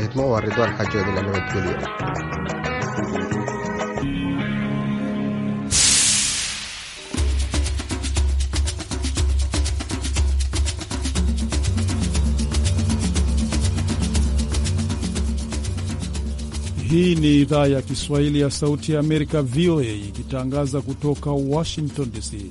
waa Ridwaan nabadgelyo. Hii ni idhaa ya Kiswahili ya Sauti ya Amerika, VOA, ikitangaza kutoka Washington DC.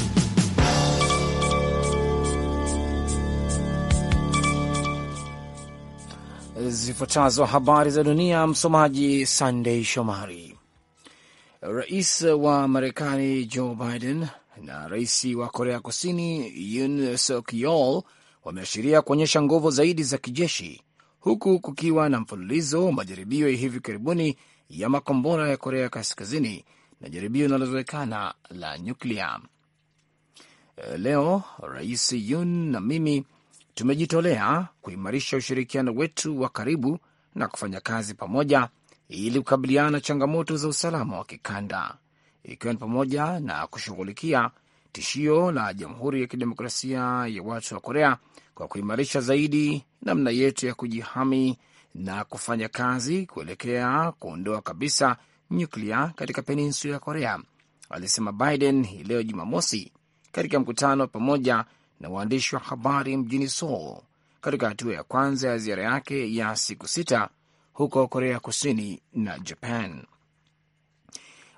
zifuatazo habari za dunia. Msomaji Sandei Shomari. Rais wa Marekani Joe Biden na rais wa Korea Kusini Yoon Suk Yeol wameashiria kuonyesha nguvu zaidi za kijeshi huku kukiwa na mfululizo wa majaribio ya hivi karibuni ya makombora ya Korea Kaskazini na jaribio linalozoekana la nyuklia. Leo Rais Yun na mimi tumejitolea kuimarisha ushirikiano wetu wa karibu na kufanya kazi pamoja ili kukabiliana na changamoto za usalama wa kikanda, ikiwa ni pamoja na kushughulikia tishio la Jamhuri ya Kidemokrasia ya Watu wa Korea kwa kuimarisha zaidi namna yetu ya kujihami na kufanya kazi kuelekea kuondoa kabisa nyuklia katika peninsula ya Korea, alisema Biden hii leo Jumamosi katika mkutano pamoja na waandishi wa habari mjini Seoul katika hatua ya kwanza ya ziara yake ya siku sita huko Korea Kusini na Japan.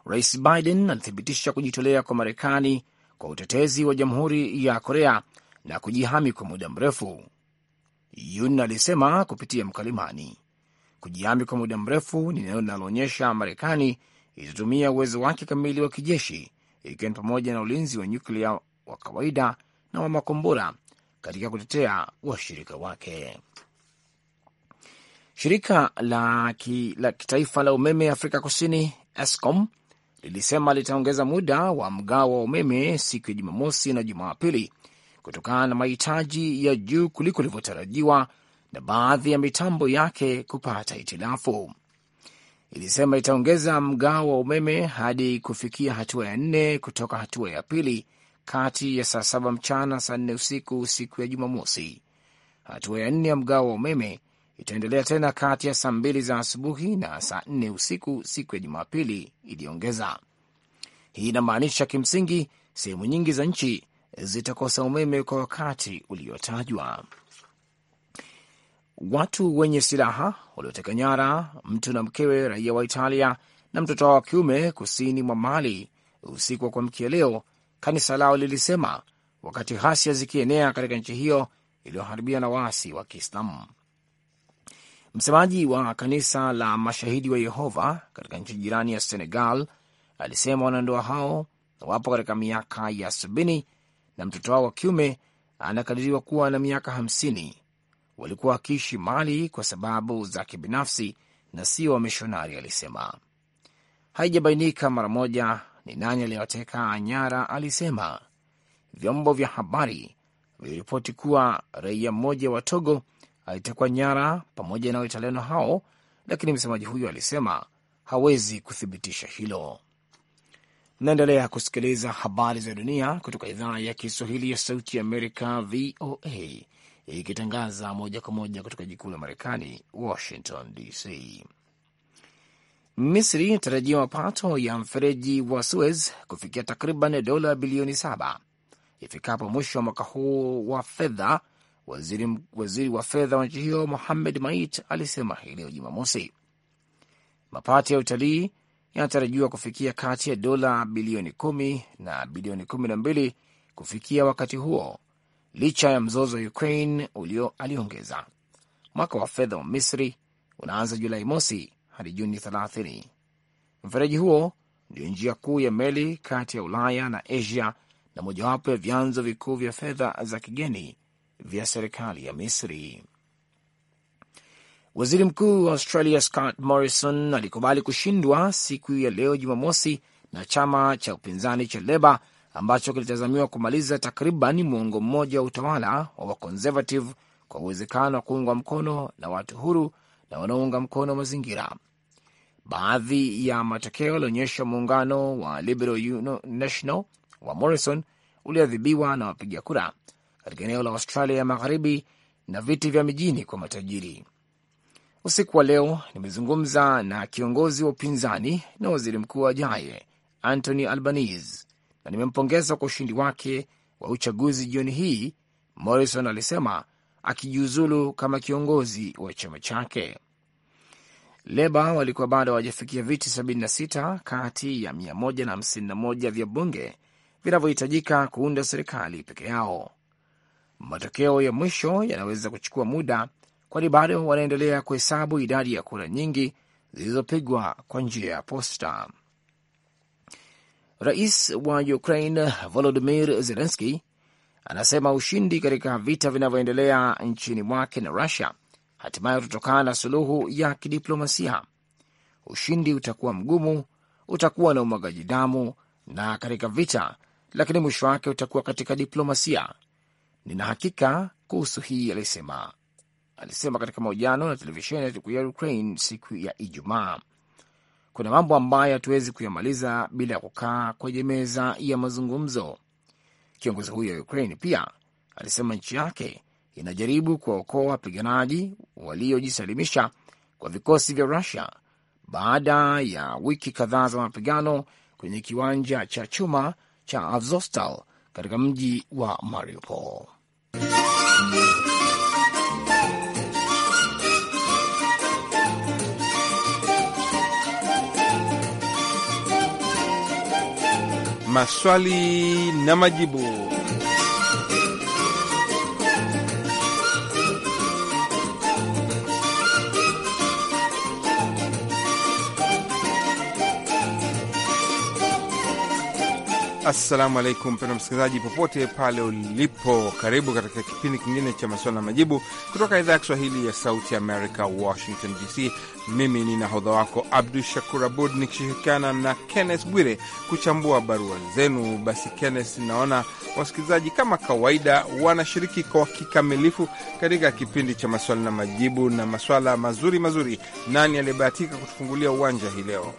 Rais Biden alithibitisha kujitolea kwa Marekani kwa utetezi wa jamhuri ya Korea na kujihami kwa muda mrefu, Yun alisema kupitia mkalimani. Kujihami kwa muda mrefu ni neno linaloonyesha Marekani itatumia uwezo wake kamili wa kijeshi, ikiwa ni pamoja na ulinzi wa nyuklia wa kawaida na wa makombora katika kutetea washirika wake. Shirika la, ki, la kitaifa la umeme Afrika Kusini Eskom lilisema litaongeza muda wa mgao wa umeme siku ya Jumamosi na Jumapili kutokana na mahitaji ya juu kuliko ilivyotarajiwa na baadhi ya mitambo yake kupata hitilafu. Ilisema itaongeza mgao wa umeme hadi kufikia hatua ya nne kutoka hatua ya pili kati ya saa saba mchana saa nne usiku siku ya Jumamosi. Hatua ya nne ya mgao wa umeme itaendelea tena kati ya saa mbili za asubuhi na saa nne usiku siku ya Jumapili, iliongeza. Hii inamaanisha kimsingi sehemu nyingi za nchi zitakosa umeme kwa wakati uliotajwa. Watu wenye silaha walioteka nyara mtu na mkewe raia wa Italia na mtoto wao wa kiume kusini mwa Mali usiku wa kuamkia leo kanisa lao lilisema, wakati ghasia zikienea katika nchi hiyo iliyoharibiwa na waasi wa Kiislamu. Msemaji wa kanisa la Mashahidi wa Yehova katika nchi jirani ya Senegal alisema wanandoa hao wapo katika miaka ya sabini na mtoto wao wa kiume anakadiriwa kuwa na miaka hamsini. Walikuwa wakiishi Mali kwa sababu za kibinafsi na sio wamishonari, alisema. Haijabainika mara moja ni nani aliyewateka nyara, alisema vyombo vya habari viliripoti kuwa raia mmoja wa Togo alitekwa nyara pamoja na Waitaliano hao, lakini msemaji huyo alisema hawezi kuthibitisha hilo. Naendelea kusikiliza habari za dunia kutoka idhaa ya Kiswahili ya Sauti ya Amerika, VOA, ikitangaza moja kwa moja kutoka jikuu la Marekani, Washington DC. Misri inatarajia mapato ya mfereji wa Suez kufikia takriban dola bilioni saba ifikapo mwisho wa mwaka huu wa fedha. Waziri, waziri wa fedha wa nchi hiyo Mohamed Mait alisema hii leo Jumamosi. Mapato ya utalii yanatarajiwa kufikia kati ya dola bilioni kumi na bilioni kumi na mbili kufikia wakati huo licha ya mzozo wa Ukraine ulio aliongeza. Mwaka wa fedha wa Misri unaanza Julai mosi hadi Juni 30. Mfereji huo ndiyo njia kuu ya meli kati ya Ulaya na Asia na mojawapo ya vyanzo vikuu vya fedha za kigeni vya serikali ya Misri. Waziri mkuu wa Australia Scott Morrison alikubali kushindwa siku ya leo Jumamosi na chama cha upinzani cha Leba ambacho kilitazamiwa kumaliza takriban muongo mmoja wa utawala wa Waconservative kwa uwezekano wa kuungwa mkono na watu huru na wanaounga mkono mazingira. Baadhi ya matokeo yalionyesha muungano wa Liberal National wa Morrison ulioadhibiwa na wapiga kura katika eneo la Australia ya magharibi na viti vya mijini kwa matajiri. Usiku wa leo nimezungumza na kiongozi wa upinzani na waziri mkuu ajaye Anthony Albanese na nimempongeza kwa ushindi wake wa uchaguzi jioni hii, Morrison alisema akijiuzulu kama kiongozi wa chama chake. Leba walikuwa bado hawajafikia viti 76 kati ya 151 vya bunge vinavyohitajika kuunda serikali peke yao. Matokeo ya mwisho yanaweza kuchukua muda, kwani bado wanaendelea kuhesabu idadi ya kura nyingi zilizopigwa kwa njia ya posta. Rais wa Ukraine Volodimir Zelenski anasema ushindi katika vita vinavyoendelea nchini mwake na Rusia hatimaye utatokana na suluhu ya kidiplomasia. Ushindi utakuwa mgumu, utakuwa na umwagaji damu na katika vita, lakini mwisho wake utakuwa katika diplomasia. Nina hakika kuhusu hii, alisema alisema katika mahojiano na televisheni ya Ukraine siku ya Ijumaa. Kuna mambo ambayo hatuwezi kuyamaliza bila ya kukaa kwenye meza ya mazungumzo. Kiongozi huyo wa Ukraine pia alisema nchi yake inajaribu kuwaokoa wapiganaji waliojisalimisha kwa vikosi vya Rusia baada ya wiki kadhaa za mapigano kwenye kiwanja cha chuma cha Azovstal katika mji wa Mariupol. maswali na majibu. Assalamu alaikum pendo msikilizaji, popote pale ulipo, karibu katika kipindi kingine cha maswala na majibu kutoka idhaa ya Kiswahili ya Sauti Amerika, Washington DC. Mimi ni nahodha wako Abdu Shakur Abud nikishirikiana na Kenneth Bwire kuchambua barua zenu. Basi Kenneth, naona wasikilizaji kama kawaida wanashiriki kwa kikamilifu katika kipindi cha maswala na majibu na maswala mazuri mazuri. Nani aliyebahatika kutufungulia uwanja hii leo?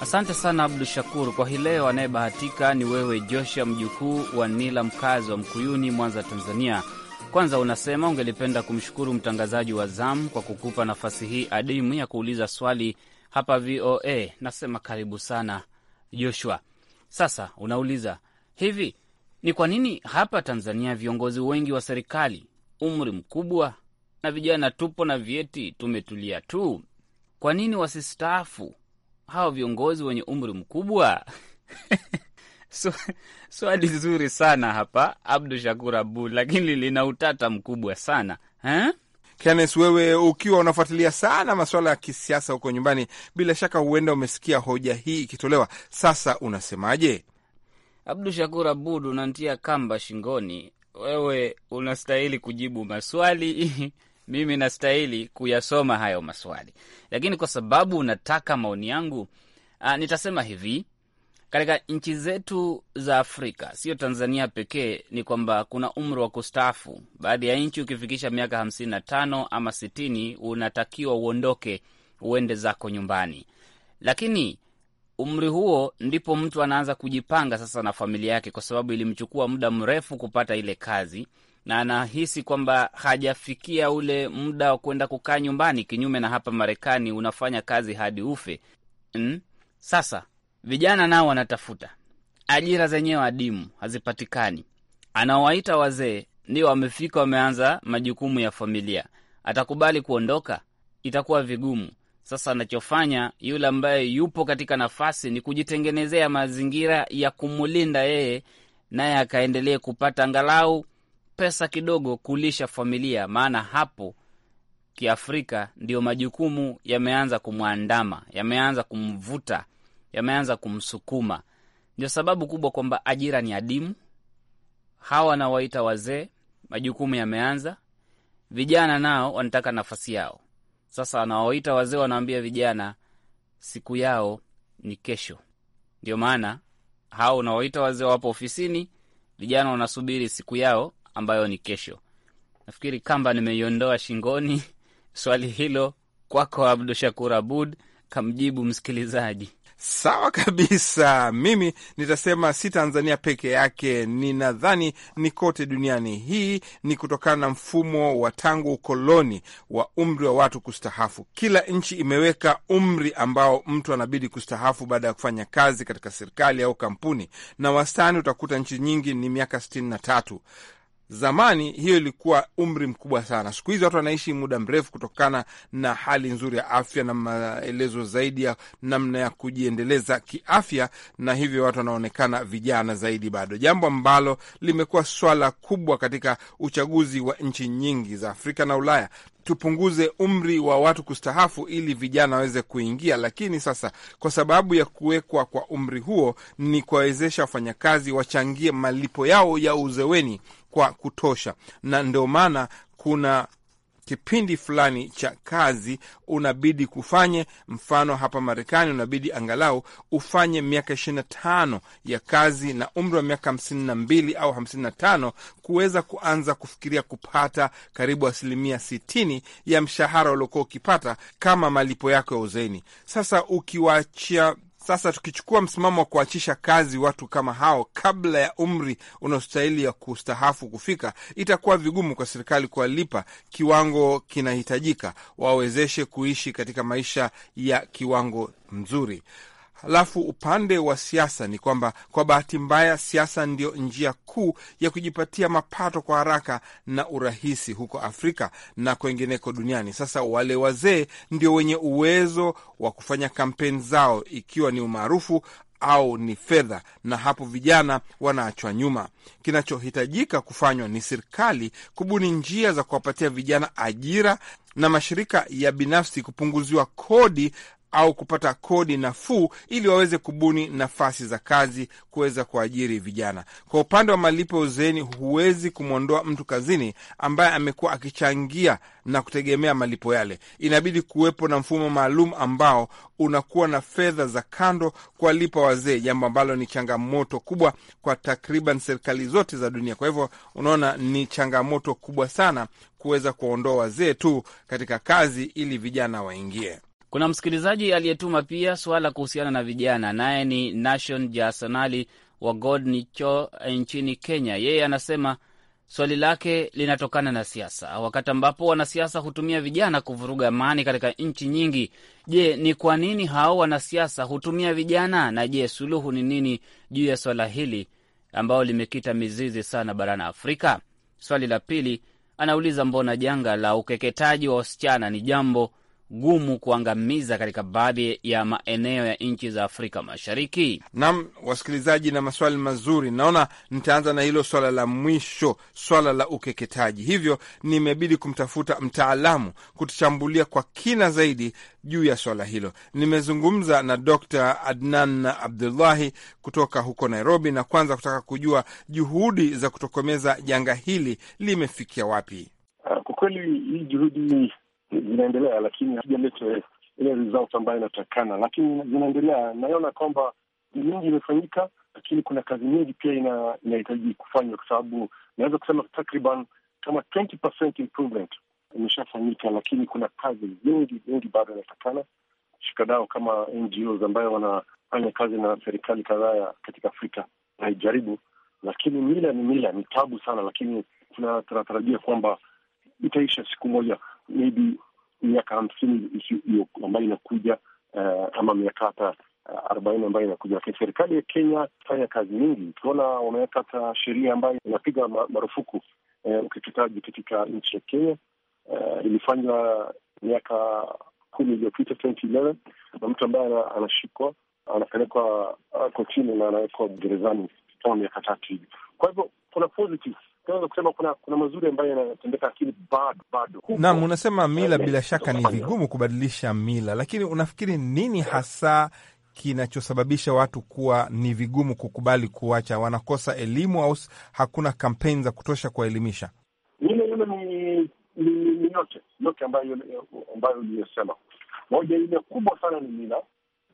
Asante sana Abdu Shakur. Kwa hii leo anayebahatika ni wewe Joshua, mjukuu wa Nila, mkazi wa Mkuyuni, Mwanza, Tanzania. Kwanza unasema ungelipenda kumshukuru mtangazaji wa zamu kwa kukupa nafasi hii adimu ya kuuliza swali hapa VOA. Nasema karibu sana Joshua. Sasa unauliza hivi, ni kwa nini hapa Tanzania viongozi wengi wa serikali umri mkubwa na vijana tupo na vyeti tumetulia tu? Kwa nini wasistaafu hawa viongozi wenye umri mkubwa? Swali so, zuri sana hapa Abdu Shakur Abud, lakini lina utata mkubwa sana ha? Eh? Kenneth, wewe ukiwa unafuatilia sana masuala ya kisiasa huko nyumbani, bila shaka huenda umesikia hoja hii ikitolewa. Sasa unasemaje? Abdu Shakur Abud, unantia kamba shingoni. Wewe unastahili kujibu maswali mimi nastahili kuyasoma hayo maswali, lakini kwa sababu unataka maoni yangu, a, ah, nitasema hivi katika nchi zetu za Afrika, sio Tanzania pekee, ni kwamba kuna umri wa kustaafu. Baadhi ya nchi ukifikisha miaka hamsini na tano ama sitini unatakiwa uondoke, uende zako nyumbani, lakini umri huo ndipo mtu anaanza kujipanga sasa na familia yake, kwa sababu ilimchukua muda mrefu kupata ile kazi na anahisi kwamba hajafikia ule muda wa kwenda kukaa nyumbani, kinyume na hapa Marekani unafanya kazi hadi ufe. Mm? Sasa vijana nao wanatafuta ajira, zenyewe adimu hazipatikani. Anawaita wazee ndio wamefika, wameanza majukumu ya familia. Atakubali kuondoka? Itakuwa vigumu. Sasa anachofanya yule ambaye yupo katika nafasi ni kujitengenezea mazingira ya kumulinda yeye, naye akaendelee kupata angalau pesa kidogo kulisha familia, maana hapo kiafrika ndiyo majukumu yameanza kumwandama, yameanza kumvuta, yameanza kumsukuma. Ndio sababu kubwa kwamba ajira ni adimu. Hawa wanawaita wazee, majukumu yameanza. Vijana nao wanataka nafasi yao. Sasa wanawaita wazee, wanawambia vijana siku yao ni kesho. Ndio maana hao unawaita wazee wapo ofisini, vijana wanasubiri siku yao ambayo ni kesho. Nafikiri kamba nimeiondoa shingoni. Swali hilo kwako, Abdu Shakur Abud, kamjibu msikilizaji. Sawa kabisa. Mimi nitasema si Tanzania peke yake, ninadhani ni kote duniani. Hii ni kutokana na mfumo wa tangu ukoloni wa umri wa watu kustahafu. Kila nchi imeweka umri ambao mtu anabidi kustahafu baada ya kufanya kazi katika serikali au kampuni, na wastani utakuta nchi nyingi ni miaka sitini na tatu. Zamani hiyo ilikuwa umri mkubwa sana. Siku hizi watu wanaishi muda mrefu kutokana na hali nzuri ya afya na maelezo zaidi ya namna ya kujiendeleza kiafya, na hivyo watu wanaonekana vijana zaidi bado, jambo ambalo limekuwa swala kubwa katika uchaguzi wa nchi nyingi za Afrika na Ulaya. Tupunguze umri wa watu kustahafu ili vijana waweze kuingia, lakini sasa kwa sababu ya kuwekwa kwa umri huo ni kuwawezesha wafanyakazi wachangie malipo yao ya uzeweni kwa kutosha, na ndio maana kuna kipindi fulani cha kazi unabidi kufanye. Mfano hapa Marekani unabidi angalau ufanye miaka ishirini na tano ya kazi na umri wa miaka hamsini na mbili au hamsini na tano kuweza kuanza kufikiria kupata karibu asilimia sitini ya mshahara uliokuwa ukipata kama malipo yako ya uzeni. Sasa ukiwaachia sasa tukichukua msimamo wa kuachisha kazi watu kama hao kabla ya umri unaostahili ya kustahafu kufika, itakuwa vigumu kwa serikali kuwalipa kiwango kinahitajika wawezeshe kuishi katika maisha ya kiwango mzuri. Halafu upande wa siasa ni kwamba kwa bahati mbaya, siasa ndiyo njia kuu ya kujipatia mapato kwa haraka na urahisi huko Afrika na kwengineko duniani. Sasa wale wazee ndio wenye uwezo wa kufanya kampeni zao, ikiwa ni umaarufu au ni fedha, na hapo vijana wanaachwa nyuma. Kinachohitajika kufanywa ni serikali kubuni njia za kuwapatia vijana ajira na mashirika ya binafsi kupunguziwa kodi au kupata kodi nafuu ili waweze kubuni nafasi za kazi kuweza kuajiri vijana. Kwa upande wa malipo ya uzeeni, huwezi kumwondoa mtu kazini ambaye amekuwa akichangia na kutegemea malipo yale. Inabidi kuwepo na mfumo maalum ambao unakuwa na fedha za kando kuwalipa wazee, jambo ambalo ni changamoto kubwa kwa takriban serikali zote za dunia. Kwa hivyo, unaona ni changamoto kubwa sana kuweza kuwaondoa wazee tu katika kazi ili vijana waingie. Kuna msikilizaji aliyetuma pia suala kuhusiana na vijana, naye ni Nation Jasanali wa God eh, nchini Kenya. Yeye anasema swali lake linatokana na siasa, wakati ambapo wanasiasa hutumia vijana kuvuruga amani katika nchi nyingi. Je, ni kwa nini hao wanasiasa hutumia vijana, na je, suluhu ni nini juu ya swala hili ambayo limekita mizizi sana barani Afrika? Swali la pili anauliza, mbona janga la ukeketaji wa wasichana ni jambo gumu kuangamiza katika baadhi ya maeneo ya nchi za Afrika Mashariki. Naam, wasikilizaji na maswali mazuri. Naona nitaanza na hilo swala la mwisho, swala la ukeketaji. Hivyo nimebidi kumtafuta mtaalamu kutuchambulia kwa kina zaidi juu ya swala hilo. Nimezungumza na Dr. Adnan Abdullahi kutoka huko Nairobi, na kwanza kutaka kujua juhudi za kutokomeza janga hili limefikia wapi. Ah, kwa kweli hii juhudi zinaendelea, lakini hazijaleta ile result ambayo inatakana, lakini zinaendelea. Naiona kwamba mingi imefanyika, lakini kuna kazi nyingi pia inahitaji kufanywa, kwa sababu naweza kusema takriban kama 20% improvement imeshafanyika, lakini kuna kazi nyingi nyingi bado inatakana Shikadao kama NGOs ambayo wanafanya kazi na serikali kadhaa katika Afrika naijaribu, lakini mila ni mila, ni tabu sana, lakini tunatarajia kwamba itaisha siku moja maybe miaka hamsini ambayo inakuja uh, ama miaka hata eh, arobaini ambayo inakuja. Lakini serikali ya Kenya fanya kazi nyingi, tukiona wameweka hata sheria ambayo inapiga marufuku eh, ukeketaji katika nchi ya Kenya uh, ilifanywa miaka kumi iliyopita na mtu ambaye anashikwa anapelekwa kotini na anawekwa gerezani kama miaka tatu hivi. Kwa hivyo kuna tunaweza kusema kuna kuna mazuri ambayo yanatendeka, lakini bado bado. Naam, unasema mila, eh, bila shaka ni vigumu kubadilisha mila, lakini unafikiri nini hasa kinachosababisha watu kuwa ni vigumu kukubali kuacha? Wanakosa elimu au hakuna kampeni za kutosha kuwaelimisha? Ile ile ni yote yote ambayo ambayo uliyosema. Moja ile kubwa sana ni mila,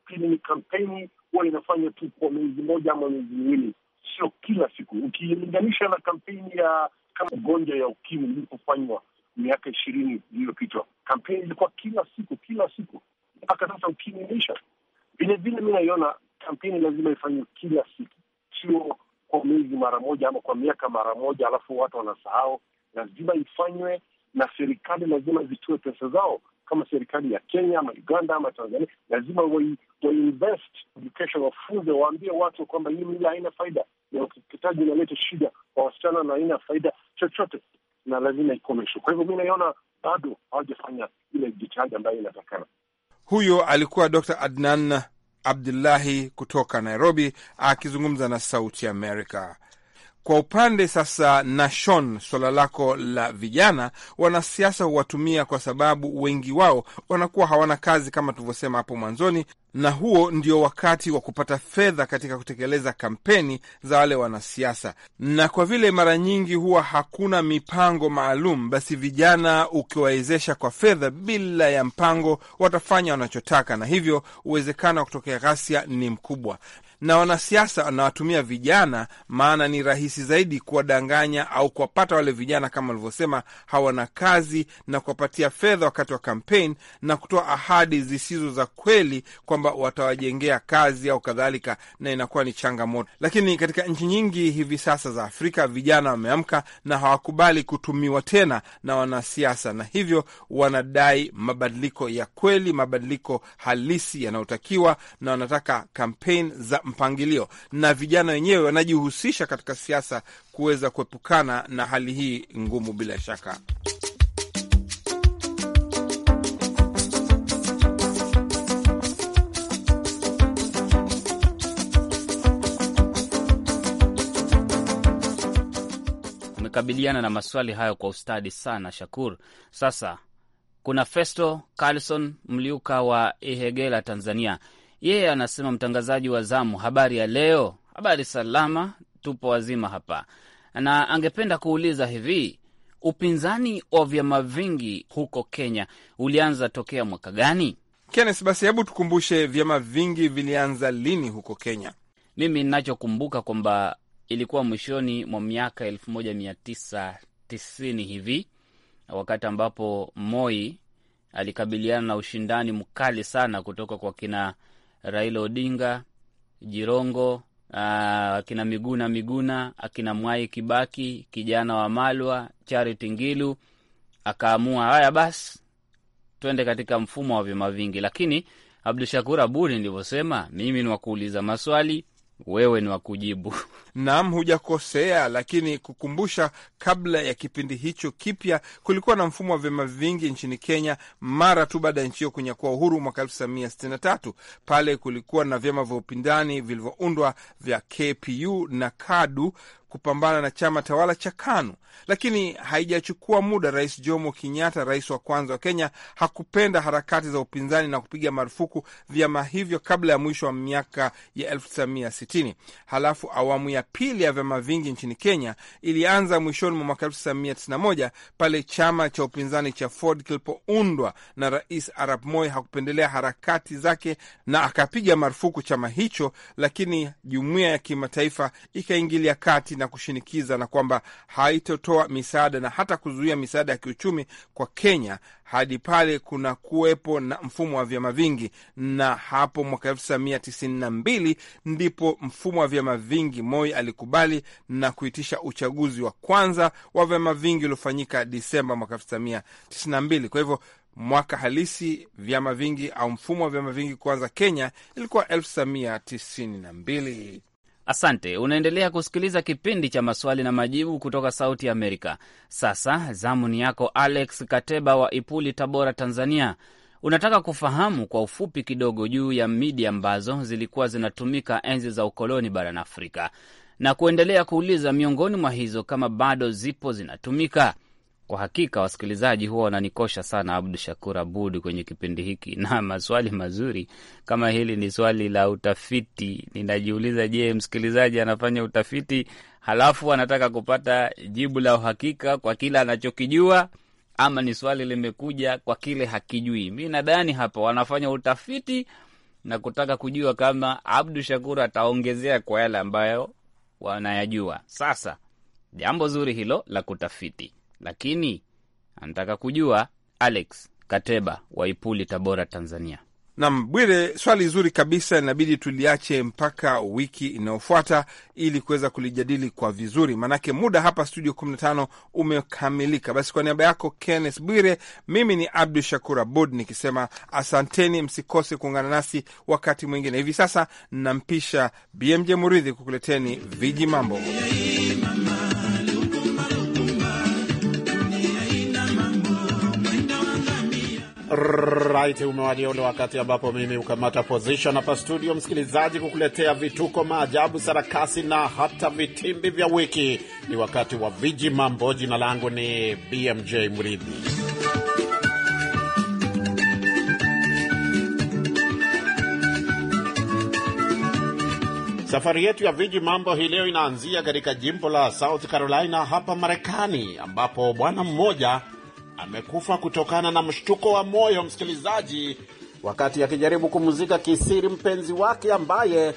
pili ni kampeni, huwa inafanywa tu kwa mwezi moja ama miezi miwili sio kila siku, ukilinganisha na kampeni ya kama ugonjwa ya ukimwi ilipofanywa miaka ishirini iliyopita, kampeni ilikuwa kila siku kila siku, mpaka sasa ukimwi imeisha. Vilevile mi naiona kampeni lazima ifanywe kila siku, sio kwa mezi mara moja ama kwa miaka mara moja alafu watu wanasahau. Lazima ifanywe na serikali, lazima zitoe pesa zao. Kama serikali ya Kenya ama Uganda ama Tanzania, lazima wainvest education, wafunze, waambie watu kwamba hii mila haina faida, na ukeketaji unaleta shida kwa wasichana na haina faida chochote na lazima ikomeshwe. Kwa hivyo mi naiona bado hawajafanya ile jitihadi ambayo inatakana. Huyo alikuwa Dr Adnan Abdullahi kutoka Nairobi akizungumza na Sauti Amerika. Kwa upande sasa, Nashon, suala lako la vijana, wanasiasa huwatumia kwa sababu wengi wao wanakuwa hawana kazi kama tulivyosema hapo mwanzoni, na huo ndio wakati wa kupata fedha katika kutekeleza kampeni za wale wanasiasa. Na kwa vile mara nyingi huwa hakuna mipango maalum, basi vijana ukiwawezesha kwa fedha bila ya mpango, watafanya wanachotaka, na hivyo uwezekano wa kutokea ghasia ni mkubwa na wanasiasa wanawatumia vijana, maana ni rahisi zaidi kuwadanganya au kuwapata wale vijana, kama walivyosema hawana kazi, na kuwapatia fedha wakati wa kampeni na kutoa ahadi zisizo za kweli kwamba watawajengea kazi au kadhalika, na inakuwa ni changamoto. Lakini katika nchi nyingi hivi sasa za Afrika vijana wameamka na hawakubali kutumiwa tena na wanasiasa, na hivyo wanadai mabadiliko ya kweli, mabadiliko halisi yanayotakiwa, na wanataka kampeni za mpangilio, na vijana wenyewe wanajihusisha katika siasa kuweza kuepukana na hali hii ngumu, bila shaka. Umekabiliana na maswali hayo kwa ustadi sana, Shakur. Sasa kuna Festo Carlson Mliuka wa Ihegela, Tanzania. Yeye anasema mtangazaji wa zamu, habari ya leo. Habari salama, tupo wazima hapa, na angependa kuuliza hivi, upinzani wa vyama vingi huko Kenya ulianza tokea mwaka gani? Kenes, basi hebu tukumbushe vyama vingi vilianza lini huko Kenya? Mimi ninachokumbuka kwamba ilikuwa mwishoni mwa miaka elfu moja mia tisa tisini hivi, wakati ambapo Moi alikabiliana na ushindani mkali sana kutoka kwa kina Raila Odinga, Jirongo, ah, akina Miguna Miguna, akina Mwai Kibaki, kijana wa Malwa, Charity Ngilu, akaamua haya basi twende katika mfumo wa vyama vingi. Lakini Abdu Shakur abud ndivyosema mimi ni wakuuliza maswali wewe ni wa kujibu. Naam, hujakosea, lakini kukumbusha, kabla ya kipindi hicho kipya kulikuwa na mfumo wa vyama vingi nchini Kenya mara tu baada ya nchi hiyo kunyakua uhuru mwaka 1963. Pale kulikuwa na vyama vya upindani vilivyoundwa vya KPU na KADU kupambana na chama tawala cha KANU, lakini haijachukua muda. Rais Jomo Kenyatta, rais wa kwanza wa Kenya, hakupenda harakati za upinzani na kupiga marufuku vyama hivyo kabla ya mwisho wa miaka ya 1960. Halafu awamu ya pili ya vyama vingi nchini Kenya ilianza mwishoni mwa mwaka 1991 pale chama cha upinzani cha Ford kilipoundwa na Rais Arap Moi hakupendelea harakati zake na akapiga marufuku chama hicho, lakini jumuiya ya kimataifa ikaingilia kati na na kushinikiza na kwamba haitotoa misaada na hata kuzuia misaada ya kiuchumi kwa Kenya hadi pale kuna kuwepo na mfumo wa vyama vingi. Na hapo mwaka elfu tisa mia tisini na mbili ndipo mfumo wa vyama vingi, Moi alikubali na kuitisha uchaguzi wa kwanza wa vyama vingi uliofanyika Disemba mwaka elfu tisa mia tisini na mbili. Kwa hivyo mwaka halisi vyama vingi au mfumo wa vyama vingi kuanza Kenya ilikuwa elfu tisa mia tisini na mbili. Asante, unaendelea kusikiliza kipindi cha maswali na majibu kutoka Sauti Amerika. Sasa zamu ni yako Alex Kateba wa Ipuli, Tabora, Tanzania. Unataka kufahamu kwa ufupi kidogo juu ya midi ambazo zilikuwa zinatumika enzi za ukoloni barani Afrika, na kuendelea kuuliza miongoni mwa hizo kama bado zipo zinatumika. Kwa hakika wasikilizaji huwa wananikosha sana, Abdu Shakur Abud, kwenye kipindi hiki na maswali mazuri kama hili. Ni swali la utafiti. Ninajiuliza, je, msikilizaji anafanya utafiti halafu anataka kupata jibu la uhakika kwa kile anachokijua ama ni swali limekuja kwa kile hakijui? Mi nadhani hapa wanafanya utafiti na kutaka kujua kama Abdu Shakur ataongezea kwa yale ambayo wanayajua. Sasa jambo zuri hilo la kutafiti lakini anataka kujua. Alex Kateba wa Ipuli, Tabora, Tanzania. Nam Bwire, swali zuri kabisa, inabidi tuliache mpaka wiki inayofuata ili kuweza kulijadili kwa vizuri, maanake muda hapa studio 15 umekamilika. Basi kwa niaba yako Kenneth Bwire, mimi ni Abdu Shakur Abud nikisema asanteni, msikose kuungana nasi wakati mwingine. Hivi sasa nampisha BMJ Muridhi kukuleteni viji mambo Right, umewadia ule wakati ambapo mimi hukamata position hapa studio, msikilizaji, kukuletea vituko, maajabu, sarakasi na hata vitimbi vya wiki. Ni wakati wa viji mambo. Jina langu ni BMJ Mridhi. Safari yetu ya viji mambo hii leo inaanzia katika jimbo la South Carolina hapa Marekani, ambapo bwana mmoja amekufa kutokana na mshtuko wa moyo, msikilizaji, wakati akijaribu kumzika kisiri mpenzi wake ambaye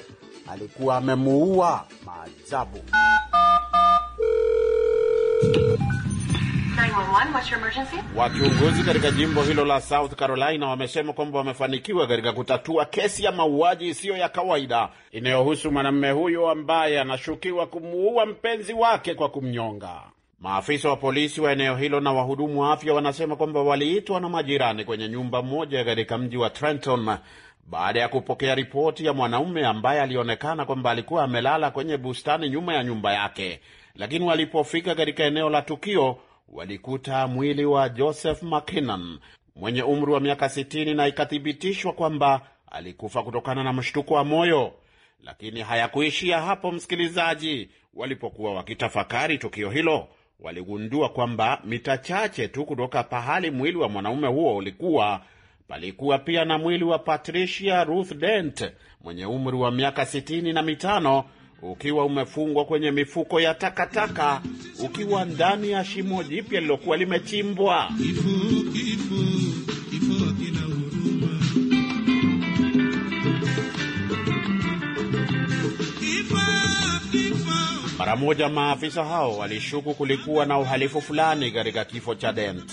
alikuwa amemuua. Maajabu. Wachunguzi katika jimbo hilo la South Carolina wamesema kwamba wamefanikiwa katika kutatua kesi ya mauaji isiyo ya kawaida inayohusu mwanamume huyo ambaye anashukiwa kumuua mpenzi wake kwa kumnyonga. Maafisa wa polisi wa eneo hilo na wahudumu wa afya wanasema kwamba waliitwa na majirani kwenye nyumba moja katika mji wa Trenton baada ya kupokea ripoti ya mwanaume ambaye alionekana kwamba alikuwa amelala kwenye bustani nyuma ya nyumba yake, lakini walipofika katika eneo la tukio walikuta mwili wa Joseph McKinnon mwenye umri wa miaka 60 na ikathibitishwa kwamba alikufa kutokana na mshtuko wa moyo. Lakini hayakuishia hapo, msikilizaji. Walipokuwa wakitafakari tukio hilo waligundua kwamba mita chache tu kutoka pahali mwili wa mwanaume huo ulikuwa palikuwa pia na mwili wa Patricia Ruth Dent mwenye umri wa miaka sitini na mitano ukiwa umefungwa kwenye mifuko ya takataka ukiwa ndani ya shimo jipya lilokuwa limechimbwa. Ifu, ifu. Mara moja maafisa hao walishuku kulikuwa na uhalifu fulani katika kifo cha Dent.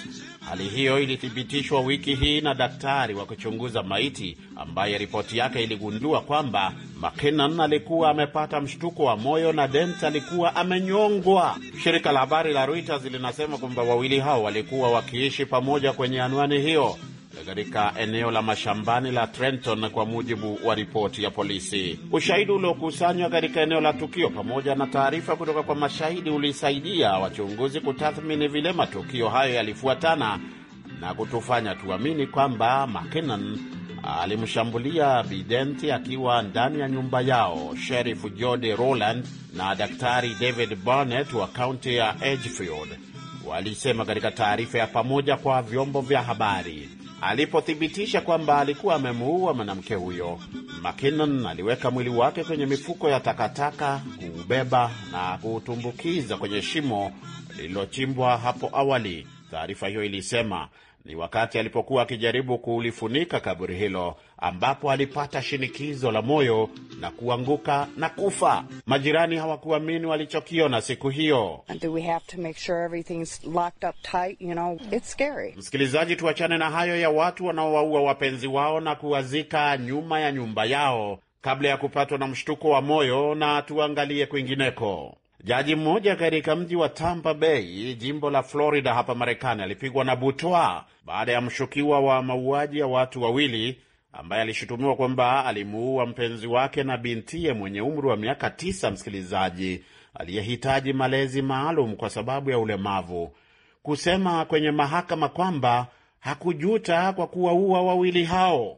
Hali hiyo ilithibitishwa wiki hii na daktari wa kuchunguza maiti ambaye ripoti yake iligundua kwamba McKinnon alikuwa amepata mshtuko wa moyo na Dent alikuwa amenyongwa. Shirika la habari la Reuters linasema kwamba wawili hao walikuwa wakiishi pamoja kwenye anwani hiyo katika eneo la mashambani la Trenton, kwa mujibu wa ripoti ya polisi. Ushahidi uliokusanywa katika eneo la tukio pamoja na taarifa kutoka kwa mashahidi ulisaidia wachunguzi kutathmini vile matukio hayo yalifuatana na kutufanya tuamini kwamba McKinnon alimshambulia bidenti akiwa ndani ya nyumba yao. sherif Jody Rowland na Daktari David Barnett wa kaunti ya Edgefield walisema katika taarifa ya pamoja kwa vyombo vya habari. Alipothibitisha kwamba alikuwa amemuua mwanamke huyo, McKinnon aliweka mwili wake kwenye mifuko ya takataka, kuubeba na kuutumbukiza kwenye shimo lililochimbwa hapo awali, taarifa hiyo ilisema ni wakati alipokuwa akijaribu kulifunika kaburi hilo ambapo alipata shinikizo la moyo na kuanguka na kufa. Majirani hawakuamini walichokiona siku hiyo. Sure you know, msikilizaji, tuachane na hayo ya watu wanaowaua wapenzi wao na kuwazika nyuma ya nyumba yao kabla ya kupatwa na mshtuko wa moyo, na tuangalie kwingineko. Jaji mmoja katika mji wa Tampa Bay, jimbo la Florida hapa Marekani, alipigwa na butwa baada ya mshukiwa wa mauaji ya watu wawili ambaye alishutumiwa kwamba alimuua mpenzi wake na bintiye mwenye umri wa miaka tisa, msikilizaji, aliyehitaji malezi maalum kwa sababu ya ulemavu, kusema kwenye mahakama kwamba hakujuta kwa kuwaua wawili hao.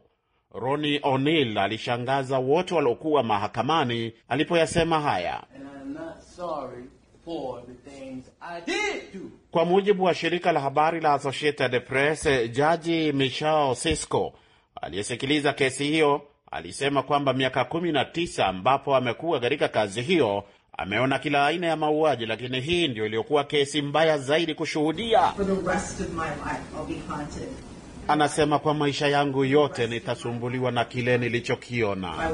Roni o'nil alishangaza wote waliokuwa mahakamani alipoyasema haya. Kwa mujibu wa shirika la habari la Associated Press, jaji Michao Sisco aliyesikiliza kesi hiyo alisema kwamba miaka 19 ambapo amekuwa katika kazi hiyo ameona kila aina ya mauaji, lakini hii ndio iliyokuwa kesi mbaya zaidi kushuhudia. Anasema kwa maisha yangu yote nitasumbuliwa na kile nilichokiona.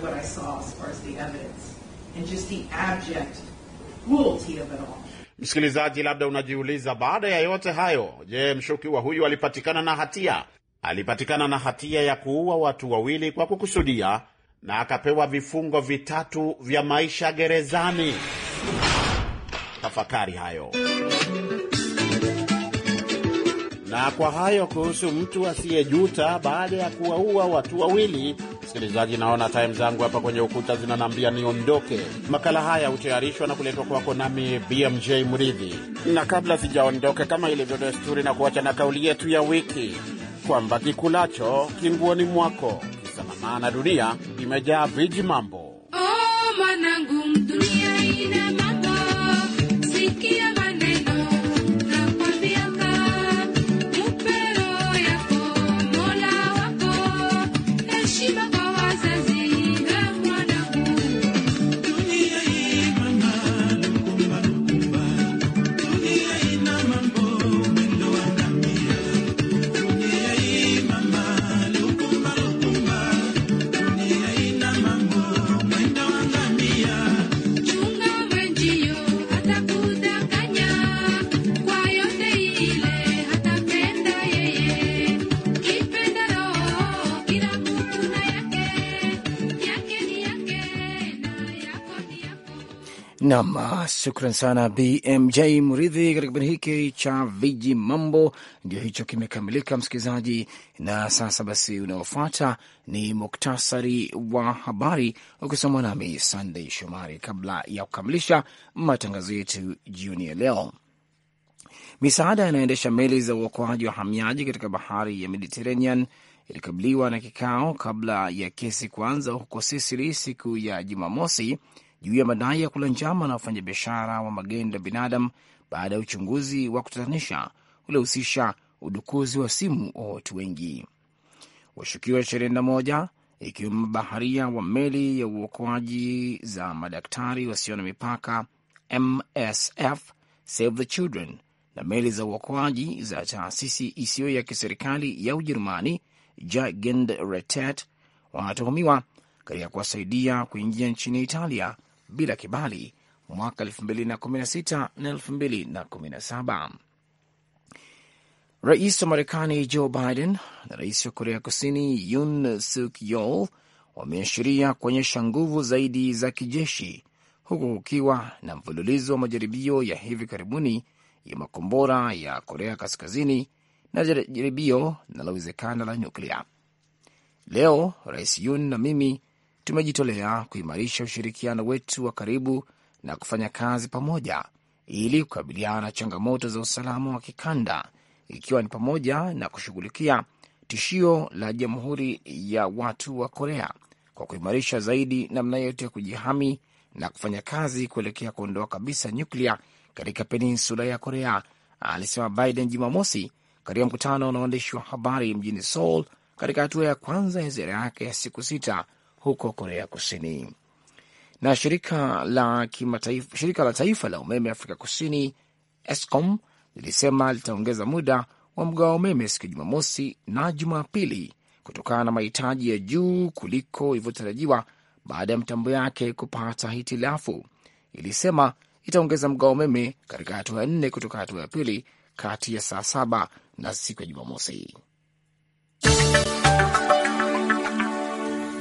Msikilizaji, labda unajiuliza baada ya yote hayo, je, mshukiwa huyu alipatikana na hatia? Alipatikana na hatia ya kuua watu wawili kwa kukusudia na akapewa vifungo vitatu vya maisha gerezani. Tafakari hayo. Na kwa hayo kuhusu mtu asiyejuta baada ya kuwaua watu wawili. Msikilizaji, naona time zangu hapa kwenye ukuta zinanambia niondoke. Makala haya hutayarishwa na kuletwa kwako nami BMJ Mridhi, na kabla sijaondoke, kama ilivyo desturi, na kuacha na kauli yetu ya wiki kwamba kikulacho kinguoni mwako, kisa na maana dunia imejaa viji mambo. Oh, Shukran sana BMJ Mridhi katika kipindi hiki cha viji mambo. Ndio hicho kimekamilika, msikilizaji, na sasa basi unaofuata ni muktasari wa habari ukisomwa nami Sandey Shomari kabla ya kukamilisha matangazo yetu jioni ya leo. Misaada inayoendesha meli za uokoaji wa wahamiaji katika bahari ya Mediterranean ilikabiliwa na kikao kabla ya kesi kuanza huko Sisili siku ya Jumamosi juu ya madai ya kula njama na wafanyabiashara wa magendo ya binadamu baada ya uchunguzi wa kutatanisha uliohusisha udukuzi wa simu wa watu wengi. Washukiwa moja ikiwemo mabaharia wa meli ya uokoaji za madaktari wasio na mipaka MSF, Save the Children na meli za uokoaji za taasisi isiyo ya kiserikali ya Ujerumani Jagend Retet wanatuhumiwa katika kuwasaidia kuingia nchini Italia bila kibali mwaka 2016 na 2017. Rais wa Marekani Joe Biden na rais wa Korea Kusini Yun Suk Yeol wameashiria kuonyesha nguvu zaidi za kijeshi huku kukiwa na mfululizo wa majaribio ya hivi karibuni ya makombora ya Korea Kaskazini na jaribio linalowezekana la nyuklia. Leo Rais Yun na mimi tumejitolea kuimarisha ushirikiano wetu wa karibu na kufanya kazi pamoja ili kukabiliana na changamoto za usalama wa kikanda ikiwa ni pamoja na kushughulikia tishio la Jamhuri ya Watu wa Korea kwa kuimarisha zaidi namna yote ya kujihami na kufanya kazi kuelekea kuondoa kabisa nyuklia katika peninsula ya Korea, alisema Biden Jumamosi katika mkutano na waandishi wa habari mjini Seoul, katika hatua ya kwanza ya ziara yake ya siku sita huko Korea Kusini. Na shirika la, kimataifa, shirika la taifa la umeme Afrika Kusini Eskom lilisema litaongeza muda wa mgao wa umeme siku ya Jumamosi na Jumapili kutokana na mahitaji ya juu kuliko ilivyotarajiwa baada ya mtambo yake kupata hitilafu. Ilisema itaongeza mgao wa umeme katika hatua ya nne kutoka hatua ya pili kati ya saa saba na siku ya Jumamosi.